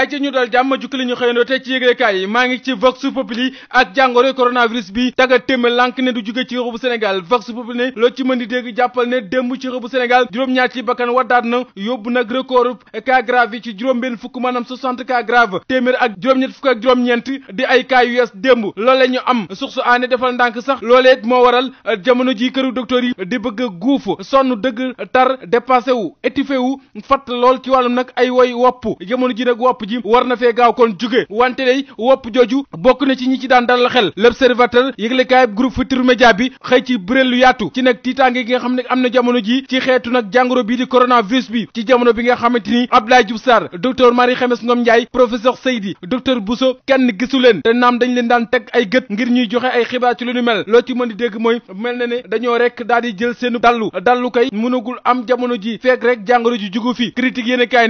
ay ci ñu dal jàmm jukki li ñu xëyandoo tey ci yéegeekaay yi maa ngi ci vox populi ak jàngoro coronavirus bi taga témbe lànk ne du jóge ci réew bu Sénégal vox populi ne loo ci mën di dégg jàppal ne démb ci réew bu Sénégal juróom-ñaar ci bakkan waddaat na yóbbu nag record cas grave yi ci juróom-benn fukk maanaam 60 cas grave téeméer ak juróom-ñett fukk ak juróom-ñeent di ay cas yu yees démb loolee ñu am suq su aane defal ndànk sax loolee moo waral jamono ji këru docteur yi di bëgg guuf sonn dëgg tar dépassé wu étifé wu fatt lool ci wàllum nag ay woy wopp jamono ji nag wopp ji war na fee gaaw kon jóge wante day wopp jooju bokk na ci ñi ci daan dalal xel l'observateur yëglekaay groupe Futurs Médias bi xëy ci bëréelu yaatu ci nag tiitaange gi nga xam ne am na jamono ji ci xeetu nag jàngoro bii di coronavirus bi ci jamono bi nga xamante ni Abdoulaye Diouf Sarr docteur Marie Khemesse Ngom Ndiaye professeur Seydi docteur Bousso kenn gisu leen te naam dañ leen daan teg ay gët ngir ñuy joxe ay xibaar ci lu ñu mel loo ci mën di dégg mooy mel na ne dañoo rek daal di jël seenu dallu dallu kay mënagul am jamono ji feek rek jàngoro ji jugu fi critique yéen a kaay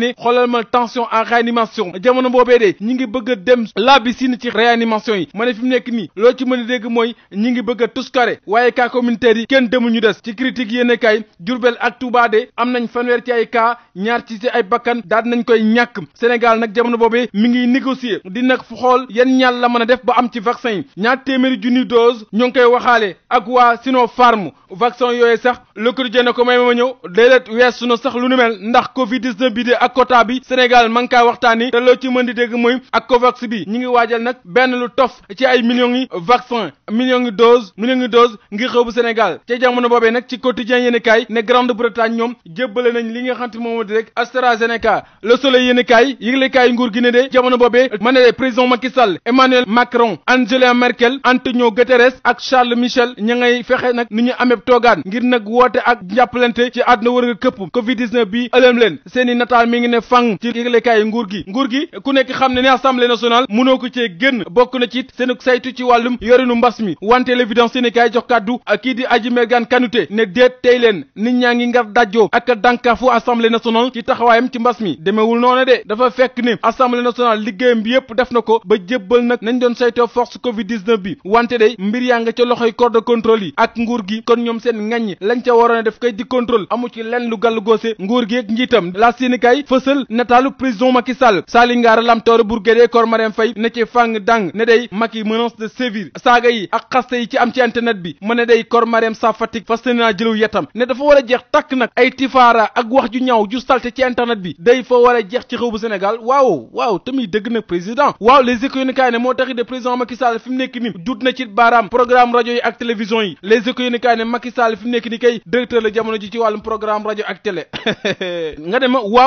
ma tension en réanimation façon jamono boobee de ñi ngi bëgg dem dem laabisine ci réanimation yi ma ne fi mu nekk nii loo ci mën a dégg mooy ñi ngi bëgg a tuskare waaye cas communautaire yi kenn demul ñu des ci critique yéen kaay Diourbel ak Touba de am nañ fanweer ci ay cas ñaar ci si ay bakkan daal nañ koy ñàkk Sénégal nag jamono boobe mi ngi négocier di nag fu xool yan ñaal la mën a def ba am ci vaccin yi ñaar téeméeri junni dose ñoo ngi koy waxaale ak waa Sinopharm vaccin yooyu sax Le Quotidien ne ko may ma ñëw déedéet weesu na sax lu nu mel ndax Covid bi ak quota bi Sénégal ma ngi kaa waxtaani loo ci mën di dégg mooy ak COVAX bi ñi ngi waajal nag benn lu tof ci ay millions yi vaccin millions yi dose millions yi dose ngir xew bu Sénégal ca jamono boobee nag ci quotidien yéen kaay ne Grande-Bretagne ñoom jébbale nañ li nga xam te moom di rek AstraZeneca Le Soleil yéen kaay yëgle kaay nguur gi ne de jamono boobee ma ne de président Macky Sall Emmanuel Macron Angela Merkel Antonio Guterres ak Charles Michel ña fexe nag ni ñu ameb toogaan ngir nag woote ak jàppalante ci àdduna wër nga këpp bi ëlëm leen seen i mi ngi ne fang ci yëgle kaay gi nguur gi ku nekk xam ne ne assemblée nationale mënoo ko cee génn bokk na ci seen saytu ci wàllum yorinu mbas mi wante l'évidence sénégalais jox kàddu kii di Aji Mergane Kanouté ne déet tey leen nit ñaa ngi ngar dajjoo ak dànkaafu assemblée nationale ci taxawaayam ci mbas mi demewul noonu de dafa fekk ne assemblée nationale liggéeyam bi yëpp def na ko ba jébbal nag nañ doon saytoo force covid 19 bi wante day mbir yaa nga ca loxo corps de contrôle yi ak nguur gi kon ñoom seen ŋaññi lañ ca waroon a def kay di amu ci lenn lu gàllu goose nguur gi ak njiitam la Sénégal fësal nataalu président Macky Sall saalingaara lamtoor burgédee kor Marème Faye ne ci fang dang day Macky menace de sévir saaga yi ak xaste yi ci am ci internet bi mu ne day kor Marème sa Fatick fas naa jëlu yetam ne dafa war a jeex takk nag ay tifaara ak wax ju ñaaw ju salte ci internet bi day foo war a jeex ci xew bu Sénégal waaw waaw tamit dëgg nag président waaw les écoles yi kaay ne moo taxi de président Macky Sall fi mu nekk ni dut na ci baaraam programme rajo yi ak télévision yi les écoles yi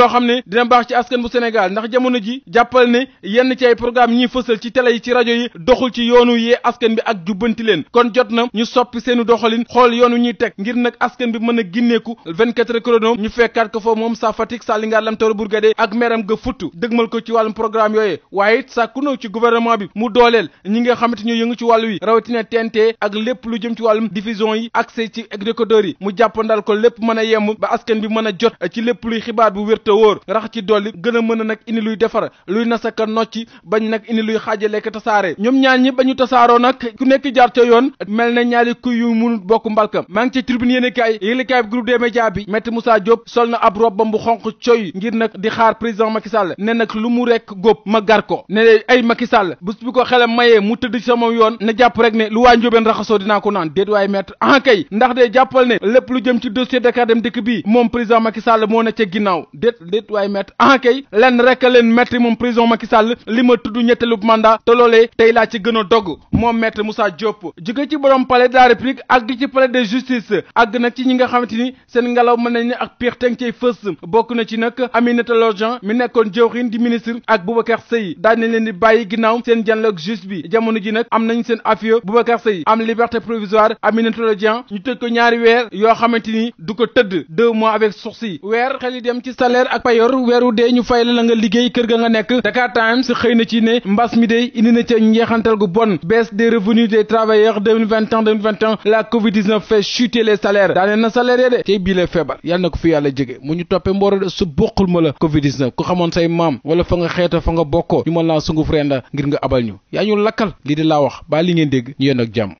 yoo xam ne baax ci askan bu Sénégal ndax jamono ji jàppal ne yenn ci ay programme ñiy fësal ci tele yi ci rajo yi doxul ci yoonu yee askan bi ak jubbanti leen kon jot na ñu soppi seenu doxalin xool yoonu ñuy teg ngir nag askan bi mën a ginneeku 24 heures chrono ñu fekkaat ko foofu moom sa Fatick sa lingaar lam tawra bourgade ak meram ga futtu dëgmal ko ci wàllum programme yooyee waaye it sàkku ci gouvernement bi mu dooleel ñi nga xamante ñoo yëngu ci wàllu wi rawatina TNT ak lépp lu jëm ci wàllum yi accès ci décodeurs yi mu jàppandal ko lépp mën a yemb ba askan bi mën a jot ci lépp luy xibaar bu wér te ci dolli gën a mën a nag indi luy defar luy nasaka nocci bañ nag indi luy xaajale ko tasaare ñoom ñaar ñi ba ñu tasaaroo nag ku nekk jaar ca yoon mel na ñaari kuy yu munut bokk mbalkam maa ngi ci tribune yéen bi groupe des médias bi Maître Moussa Diop sol na ab robbam bu xonq coy ngir nag di xaar président Macky ne nag lu mu rek góob ma gar ko ne ay Macky Sall bés bi ko xelam mayee mu tëdd ci sama yoon na jàpp rek ne lu waa njóobeen raxasoo ko naan déet waaye maître ah kay ndax de jàppal ne lépp lu at ah kay lenn rek leen metti moom prison Macky Sall li ma tudd ñetteelu mandat te loolee tey laa ci gën a moo moom maître Moussa Diop jóge ci borom palais de la république àgg ci palais de justice àgg nag ci ñi nga xamante ni seen ngelaw mën nañ ne ak piir teng cay fës bokk na ci nag Aminata Lorjan mi nekkoon jëwriñ di ministre ak Boubacar Seye daan nañ leen di bàyyi ginnaaw seen janloog justice bi jamono ji nag am nañ seen affaire Boubacar Seye am liberté provisoire Aminata Lorjan ñu tëj ko ñaari yoo xamante ni du ko tëdd deux mois avec sursis weer xel dem ci salaire ak payor weer weeru dee ñu fay la la nga liggéey kër ga nga nekk Dakar Times xëy na ci ne mbas mi de indi na ca njeexantal gu bon baisse des revenus des travailleurs 2020 2021 la Covid 19 fait chuter les salaires daane na salaire ya de tey bii lay feebar yàlla na ko fi yàlla jege mu ñu toppee mbooro su bokkul ma la Covid ku xamoon say maam wala fa nga xeeta fa nga bokkoo ñu mën laa sunguf renda ngir nga abal ñu yaa ñu lakkal lii de laa wax baa li ngeen dégg ñu yenn ak jàmm